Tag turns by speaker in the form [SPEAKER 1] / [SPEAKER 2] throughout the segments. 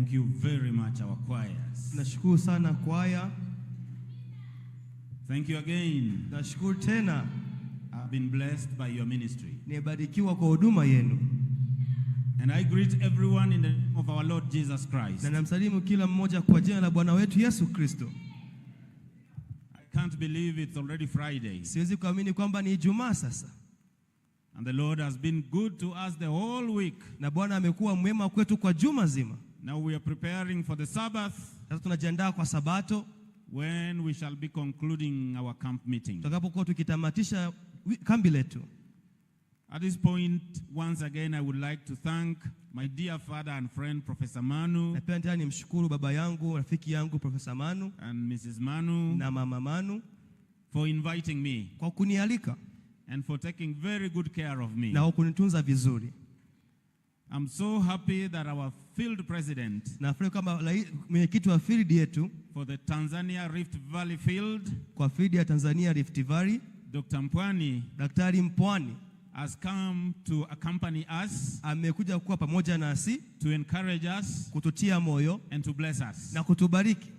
[SPEAKER 1] Thank you very much our choirs.
[SPEAKER 2] Nashukuru sana kwaya.
[SPEAKER 1] Thank you again.
[SPEAKER 2] Nashukuru tena.
[SPEAKER 1] I've been blessed by your ministry.
[SPEAKER 2] Nimebarikiwa kwa huduma yenu.
[SPEAKER 1] And I greet everyone in the name of our Lord Jesus Christ.
[SPEAKER 2] Na namsalimu kila mmoja kwa jina la Bwana wetu Yesu Kristo.
[SPEAKER 1] I can't believe it's already Friday.
[SPEAKER 2] Siwezi kuamini kwamba ni Ijumaa sasa.
[SPEAKER 1] And the Lord has been good to us the whole week.
[SPEAKER 2] Na Bwana amekuwa mwema kwetu kwa juma zima.
[SPEAKER 1] Now we are preparing for the Sabbath.
[SPEAKER 2] Sasa tunajiandaa kwa Sabato.
[SPEAKER 1] When we shall be concluding our camp meeting.
[SPEAKER 2] Tutakapokuwa tukitamatisha kambi letu.
[SPEAKER 1] At this point, once again, I would like to thank my dear father and friend, Professor Manu.
[SPEAKER 2] Na pia nimshukuru baba yangu, rafiki yangu, Professor Manu.
[SPEAKER 1] And Mrs. Manu.
[SPEAKER 2] Na mama Manu.
[SPEAKER 1] For inviting me.
[SPEAKER 2] Kwa kunialika.
[SPEAKER 1] And for taking very good care of
[SPEAKER 2] me. Na kunitunza vizuri.
[SPEAKER 1] I'm so happy that our field president
[SPEAKER 2] na kama mwenyekiti wa field yetu
[SPEAKER 1] for the Tanzania Rift Valley field
[SPEAKER 2] kwa field ya Tanzania Rift Valley
[SPEAKER 1] Dr. Mpwani
[SPEAKER 2] Daktari Mpwani
[SPEAKER 1] has come to accompany us
[SPEAKER 2] amekuja kuwa pamoja nasi
[SPEAKER 1] to encourage us
[SPEAKER 2] kututia moyo
[SPEAKER 1] and to bless us
[SPEAKER 2] na kutubariki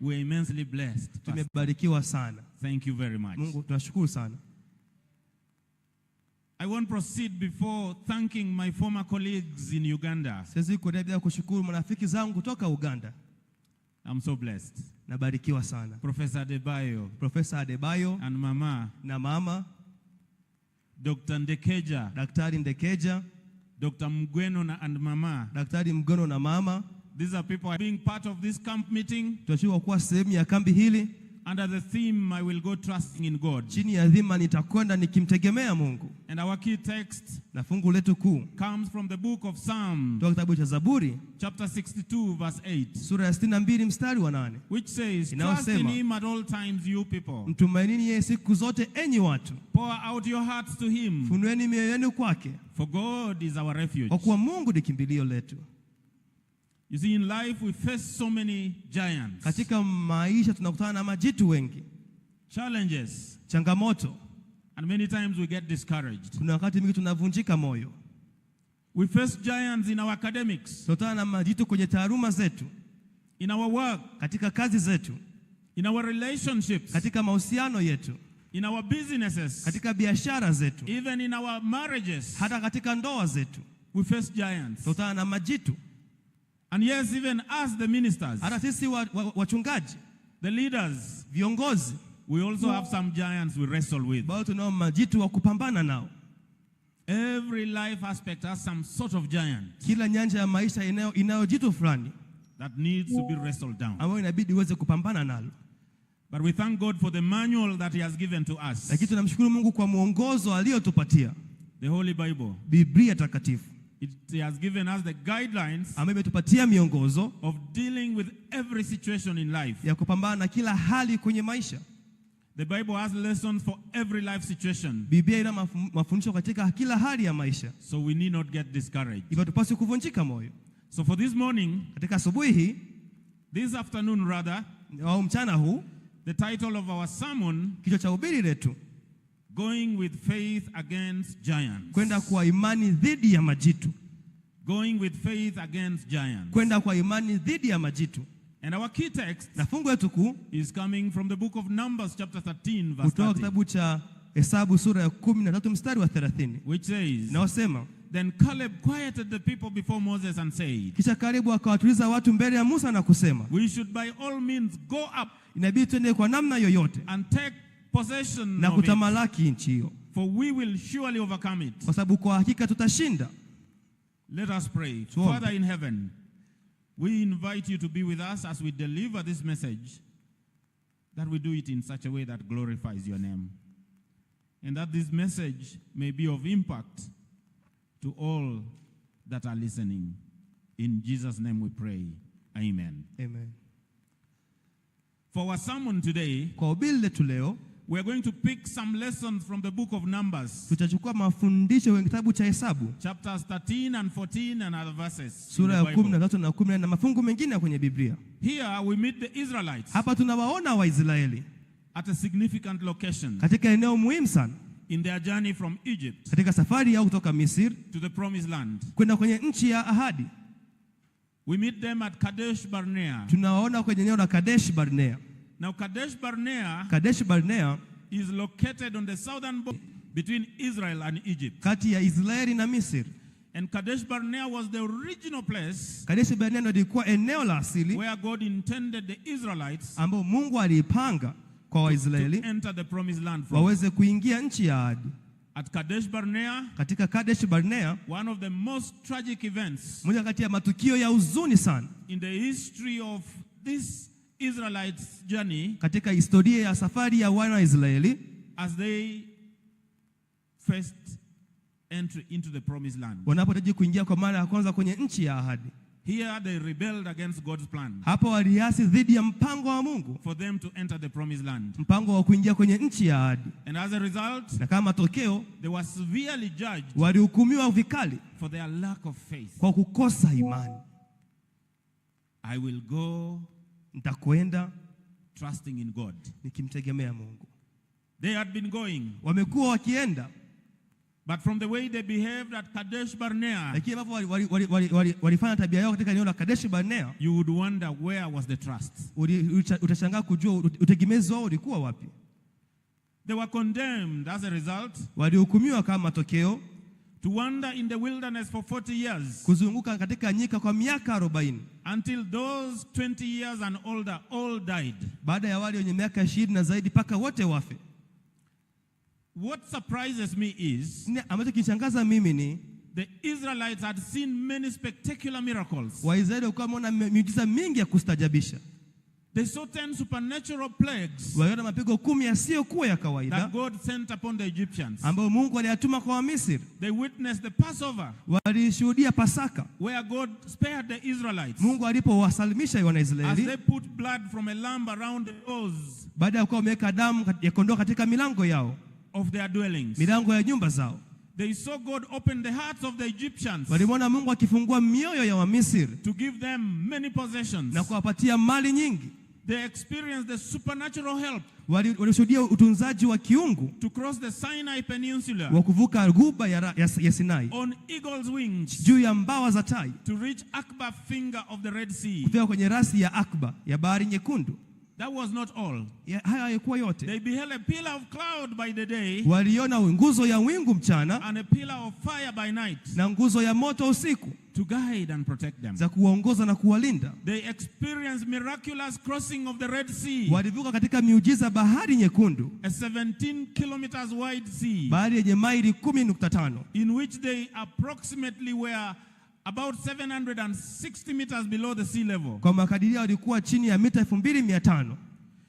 [SPEAKER 1] we are immensely blessed
[SPEAKER 2] tumebarikiwa sana
[SPEAKER 1] thank you very much
[SPEAKER 2] Mungu tunashukuru sana
[SPEAKER 1] I won't proceed before thanking my former colleagues in Uganda.
[SPEAKER 2] Siwezi kuendelea bila kushukuru marafiki zangu kutoka Uganda.
[SPEAKER 1] I'm so blessed.
[SPEAKER 2] Nabarikiwa sana.
[SPEAKER 1] Professor Adebayo.
[SPEAKER 2] Professor Adebayo.
[SPEAKER 1] And mama.
[SPEAKER 2] Na mama.
[SPEAKER 1] Dr. Ndekeja.
[SPEAKER 2] Daktari Ndekeja.
[SPEAKER 1] Dr. Mgweno na and mama.
[SPEAKER 2] Daktari Mgweno na mama.
[SPEAKER 1] These are people being part of this camp meeting.
[SPEAKER 2] Tunashukuru kwa sehemu ya kambi hili.
[SPEAKER 1] Under the theme, I will go trusting in God.
[SPEAKER 2] Chini ya dhima nitakwenda nikimtegemea Mungu.
[SPEAKER 1] And our key text
[SPEAKER 2] na fungu letu kuu
[SPEAKER 1] comes from the book of Psalm.
[SPEAKER 2] Toka kitabu cha Zaburi
[SPEAKER 1] chapter 62 verse 8.
[SPEAKER 2] Sura ya 62 mstari wa 8.
[SPEAKER 1] Which says, Trust in him at all times you people.
[SPEAKER 2] Mtumainini yeye siku zote enyi watu.
[SPEAKER 1] Pour out your hearts to him.
[SPEAKER 2] Funueni mioyo yenu kwake.
[SPEAKER 1] For God is our refuge.
[SPEAKER 2] Kwa kuwa Mungu ni kimbilio letu.
[SPEAKER 1] You see, in life we face so many giants.
[SPEAKER 2] Katika maisha tunakutana na majitu wengi.
[SPEAKER 1] Challenges.
[SPEAKER 2] Changamoto.
[SPEAKER 1] And many times we get discouraged.
[SPEAKER 2] Kuna wakati mingi tunavunjika moyo.
[SPEAKER 1] We face giants in our academics.
[SPEAKER 2] Tunakutana na majitu kwenye taaluma zetu.
[SPEAKER 1] In our work.
[SPEAKER 2] Katika kazi zetu.
[SPEAKER 1] In our relationships.
[SPEAKER 2] Katika mahusiano yetu.
[SPEAKER 1] In our businesses.
[SPEAKER 2] Katika biashara zetu.
[SPEAKER 1] Even in our marriages.
[SPEAKER 2] Hata katika ndoa zetu.
[SPEAKER 1] We face giants.
[SPEAKER 2] Tunakutana na majitu.
[SPEAKER 1] And yes, even us the ministers.
[SPEAKER 2] Hata sisi wachungaji,
[SPEAKER 1] the leaders,
[SPEAKER 2] viongozi,
[SPEAKER 1] we also have some giants we wrestle with.
[SPEAKER 2] Bado tunao majitu wa kupambana nao.
[SPEAKER 1] Every life aspect has some sort of giant.
[SPEAKER 2] Kila nyanja ya maisha inayo inayo jitu fulani
[SPEAKER 1] that needs to be wrestled down.
[SPEAKER 2] Ambayo inabidi uweze kupambana nalo.
[SPEAKER 1] But we thank God for the manual that he has given to us.
[SPEAKER 2] Lakini tunamshukuru Mungu kwa mwongozo aliyotupatia.
[SPEAKER 1] The Holy Bible.
[SPEAKER 2] Biblia takatifu.
[SPEAKER 1] It has given us the guidelines
[SPEAKER 2] ambayo imetupatia miongozo
[SPEAKER 1] of dealing with every situation in life.
[SPEAKER 2] ya kupambana na kila hali kwenye maisha.
[SPEAKER 1] The Bible has lessons for every life situation.
[SPEAKER 2] Biblia ina mafundisho katika kila hali ya maisha.
[SPEAKER 1] So we need not get discouraged.
[SPEAKER 2] Hivyo tupaswe kuvunjika moyo.
[SPEAKER 1] So for this morning,
[SPEAKER 2] katika asubuhi hii,
[SPEAKER 1] this afternoon rather,
[SPEAKER 2] au mchana huu,
[SPEAKER 1] the title of our sermon,
[SPEAKER 2] kichwa cha ubiri letu
[SPEAKER 1] Going with faith against giants.
[SPEAKER 2] Kwenda kwa imani dhidi ya majitu.
[SPEAKER 1] Going with faith against giants.
[SPEAKER 2] Kwenda kwa imani dhidi ya majitu.
[SPEAKER 1] And our key text
[SPEAKER 2] na fungu letu kuu
[SPEAKER 1] is coming from the book of Numbers chapter 13 verse 30.
[SPEAKER 2] Kutoka kitabu cha Hesabu sura ya 13 mstari wa 30.
[SPEAKER 1] Which says, na wasema, Then Caleb quieted the people before Moses and said,
[SPEAKER 2] Kisha Kalebu akawatuliza watu mbele ya Musa na kusema,
[SPEAKER 1] We should by all means go up.
[SPEAKER 2] Inabidi tuende kwa namna yoyote.
[SPEAKER 1] And take possession
[SPEAKER 2] na kutamalaki nchi hiyo,
[SPEAKER 1] for we will surely overcome it,
[SPEAKER 2] kwa sababu kwa hakika tutashinda.
[SPEAKER 1] Let us pray. Tuombe. Father in heaven, we invite you to be with us as we deliver this message that we do it in such a way that glorifies your name and that this message may be of impact to all that are listening. In Jesus' name we pray. Amen. Amen. For our sermon today,
[SPEAKER 2] kwa ubili leo
[SPEAKER 1] We are going to pick some lessons from the book of Numbers.
[SPEAKER 2] Tutachukua mafundisho kwenye kitabu cha Hesabu.
[SPEAKER 1] Chapters 13 and 14 and other verses. Sura ya
[SPEAKER 2] 13 na 14 na mafungu mengine kwenye Biblia.
[SPEAKER 1] Here we meet the Israelites.
[SPEAKER 2] Hapa tunawaona Waisraeli.
[SPEAKER 1] At a significant location.
[SPEAKER 2] Katika eneo muhimu sana.
[SPEAKER 1] In their journey from Egypt.
[SPEAKER 2] Katika safari yao kutoka Misri
[SPEAKER 1] to the promised land.
[SPEAKER 2] Kwenda kwenye nchi ya ahadi.
[SPEAKER 1] We meet them at Kadesh Barnea.
[SPEAKER 2] Tunawaona kwenye eneo la Kadesh Barnea.
[SPEAKER 1] Now Kadesh Barnea,
[SPEAKER 2] Kadesh Barnea
[SPEAKER 1] is located on the southern border between Israel and Egypt.
[SPEAKER 2] Kati ya Israeli na Misri.
[SPEAKER 1] And Kadesh Barnea was the original place
[SPEAKER 2] Kadesh Barnea ndio eneo la asili
[SPEAKER 1] where God intended the Israelites
[SPEAKER 2] ambao Mungu aliipanga kwa Waisraeli
[SPEAKER 1] enter the promised land
[SPEAKER 2] from. Waweze kuingia nchi ya ahadi.
[SPEAKER 1] At Kadesh Barnea,
[SPEAKER 2] katika Kadesh Barnea,
[SPEAKER 1] one of the most tragic events,
[SPEAKER 2] moja kati ya matukio ya huzuni sana
[SPEAKER 1] in the history of this Israelites journey,
[SPEAKER 2] katika historia ya safari ya wana Israeli,
[SPEAKER 1] as they first entry into the promised land,
[SPEAKER 2] wanapotaji kuingia kwa mara ya kwanza kwenye nchi ya ahadi.
[SPEAKER 1] Here they rebelled against God's plan.
[SPEAKER 2] Hapo waliasi dhidi ya mpango wa Mungu.
[SPEAKER 1] For them to enter the promised land.
[SPEAKER 2] Mpango wa kuingia kwenye nchi ya ahadi.
[SPEAKER 1] And as a result,
[SPEAKER 2] na kama matokeo,
[SPEAKER 1] they were severely judged.
[SPEAKER 2] Walihukumiwa vikali.
[SPEAKER 1] For their lack of faith.
[SPEAKER 2] Kwa kukosa imani.
[SPEAKER 1] I will go
[SPEAKER 2] nitakwenda
[SPEAKER 1] trusting in God,
[SPEAKER 2] nikimtegemea Mungu.
[SPEAKER 1] They had been going,
[SPEAKER 2] wamekuwa wakienda
[SPEAKER 1] But from the way they behaved at Kadesh Barnea,
[SPEAKER 2] lakini ambapo walifanya tabia yao katika eneo la Kadesh Barnea,
[SPEAKER 1] you would wonder where was the trust.
[SPEAKER 2] Utashangaa kujua utegemezi wao ulikuwa wapi.
[SPEAKER 1] They were condemned as a result,
[SPEAKER 2] walihukumiwa kama matokeo
[SPEAKER 1] To wander in the wilderness for 40 years.
[SPEAKER 2] Kuzunguka katika nyika kwa miaka 40.
[SPEAKER 1] Until those 20 years and older all died.
[SPEAKER 2] Baada ya wale wenye miaka 20 na zaidi paka wote wafe.
[SPEAKER 1] What surprises me is
[SPEAKER 2] ambacho kinishangaza mimi ni
[SPEAKER 1] the Israelites had seen many spectacular miracles.
[SPEAKER 2] Waisraeli walikuwa wameona miujiza mingi ya kustajabisha
[SPEAKER 1] saw ten supernatural plagues
[SPEAKER 2] waliona mapigo kumi yasiyokuwa ya kawaida
[SPEAKER 1] that God sent upon the Egyptians,
[SPEAKER 2] ambayo Mungu aliyatuma kwa Wamisri.
[SPEAKER 1] They witnessed the Passover,
[SPEAKER 2] walishuhudia Pasaka,
[SPEAKER 1] where God spared the Israelites,
[SPEAKER 2] Mungu alipowasalimisha Wanaisraeli,
[SPEAKER 1] as they put blood from a lamb around the doors,
[SPEAKER 2] baada ya kuwa wameweka damu ya kondoo katika milango yao,
[SPEAKER 1] of their dwellings,
[SPEAKER 2] milango ya nyumba zao.
[SPEAKER 1] They saw God open the hearts of the Egyptians.
[SPEAKER 2] Walimwona Mungu akifungua mioyo ya Wamisri,
[SPEAKER 1] to give them many possessions,
[SPEAKER 2] na kuwapatia mali nyingi
[SPEAKER 1] They experienced the supernatural help
[SPEAKER 2] walishuhudia utunzaji wa kiungu
[SPEAKER 1] to cross the Sinai Peninsula
[SPEAKER 2] wa kuvuka ghuba ya, ya, ya Sinai
[SPEAKER 1] on eagle's wings
[SPEAKER 2] juu ya mbawa za tai
[SPEAKER 1] to reach Akba finger of the Red Sea
[SPEAKER 2] kufika kwenye rasi ya Akba ya bahari nyekundu.
[SPEAKER 1] That was not all.
[SPEAKER 2] hayakuwa yote.
[SPEAKER 1] They beheld a pillar of cloud by the day.
[SPEAKER 2] Waliona nguzo ya wingu mchana
[SPEAKER 1] and a pillar of fire by night.
[SPEAKER 2] Na nguzo ya moto usiku
[SPEAKER 1] to guide and protect them.
[SPEAKER 2] za kuwaongoza na kuwalinda.
[SPEAKER 1] They experienced miraculous crossing of the Red Sea.
[SPEAKER 2] Walivuka katika miujiza bahari nyekundu.
[SPEAKER 1] A 17 kilometers wide sea.
[SPEAKER 2] Bahari yenye maili 10.5.
[SPEAKER 1] In which they approximately were about 760 meters below the sea level.
[SPEAKER 2] Kwa makadirio walikuwa chini ya mita 2500.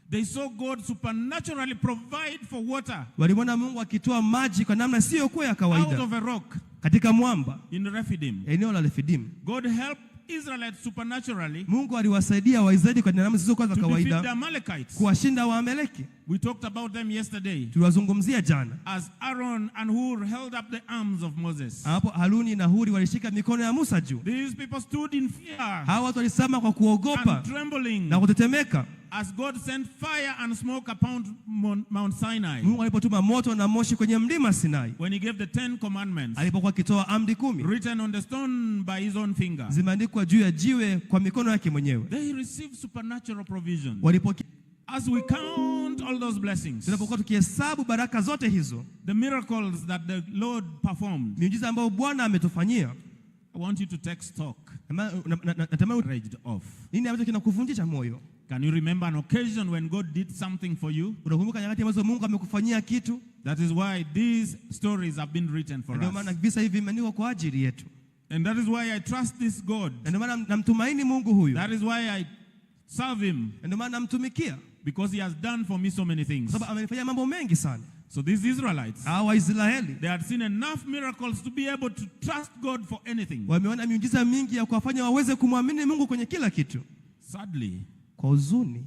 [SPEAKER 1] They saw God supernaturally provide for water.
[SPEAKER 2] Walimwona Mungu akitoa maji kwa namna isiyokuwa ya kawaida.
[SPEAKER 1] Out of a rock.
[SPEAKER 2] Katika mwamba.
[SPEAKER 1] In Refidim. Eneo la Refidim. God help Israelites supernaturally.
[SPEAKER 2] Mungu aliwasaidia Waisraeli kwa namna zisizokuwa za kawaida. To
[SPEAKER 1] defeat the Amalekites.
[SPEAKER 2] Kuwashinda Waamaleki.
[SPEAKER 1] We talked about them yesterday.
[SPEAKER 2] Tuliwazungumzia jana.
[SPEAKER 1] As Aaron and Hur held up the arms of Moses.
[SPEAKER 2] Hapo Haruni na Huri walishika mikono ya Musa juu.
[SPEAKER 1] These people stood in fear.
[SPEAKER 2] Hawa watu kwa kuogopa.
[SPEAKER 1] And trembling.
[SPEAKER 2] Na kutetemeka.
[SPEAKER 1] As God sent fire and smoke upon Mount Sinai.
[SPEAKER 2] Mungu alipotuma moto na moshi kwenye mlima Sinai.
[SPEAKER 1] When he gave the Ten Commandments.
[SPEAKER 2] Alipokuwa akitoa amri kumi.
[SPEAKER 1] Written on the stone by his own finger.
[SPEAKER 2] Zimeandikwa juu ya jiwe kwa mikono yake mwenyewe.
[SPEAKER 1] They received supernatural provision. Walipokea As we count all those blessings,
[SPEAKER 2] tunapokuwa tukihesabu baraka zote hizo,
[SPEAKER 1] the miracles that the Lord performed,
[SPEAKER 2] miujiza ambayo Bwana ametufanyia,
[SPEAKER 1] I want you to take stock.
[SPEAKER 2] Natamani off. Nini ambacho kinakuvunjisha moyo?
[SPEAKER 1] Can you remember an occasion when God did something for you?
[SPEAKER 2] Unakumbuka nyakati ambazo Mungu amekufanyia kitu?
[SPEAKER 1] That is why these stories have been written for us.
[SPEAKER 2] Ndio maana visa hivi vimeandikwa kwa ajili yetu.
[SPEAKER 1] And that is why I trust this God.
[SPEAKER 2] Ndio maana namtumaini Mungu huyu.
[SPEAKER 1] That is why I serve him.
[SPEAKER 2] Ndio maana namtumikia.
[SPEAKER 1] Because he has done for me so many things. So these Israelites,
[SPEAKER 2] hawa Israeli,
[SPEAKER 1] they had seen enough miracles to be able to trust God for anything. Sadly,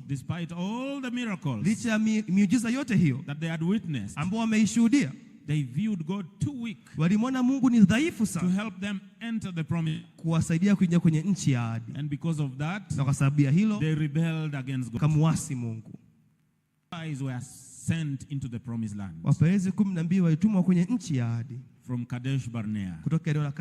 [SPEAKER 1] despite all the miracles,
[SPEAKER 2] that
[SPEAKER 1] they had witnessed, They viewed God too weak
[SPEAKER 2] walimwona Mungu ni dhaifu
[SPEAKER 1] sana to help them enter the promise,
[SPEAKER 2] kuwasaidia kuingia kwenye nchi ya ahadi.
[SPEAKER 1] And because of that,
[SPEAKER 2] na kwa sababu ya hilo
[SPEAKER 1] they rebelled against God,
[SPEAKER 2] kamuasi Mungu.
[SPEAKER 1] Spies were sent into the promised land,
[SPEAKER 2] wapelezi kumi na walitumwa kwenye nchi ya ahadi
[SPEAKER 1] from Kadesh Barnea, kutoka eneo la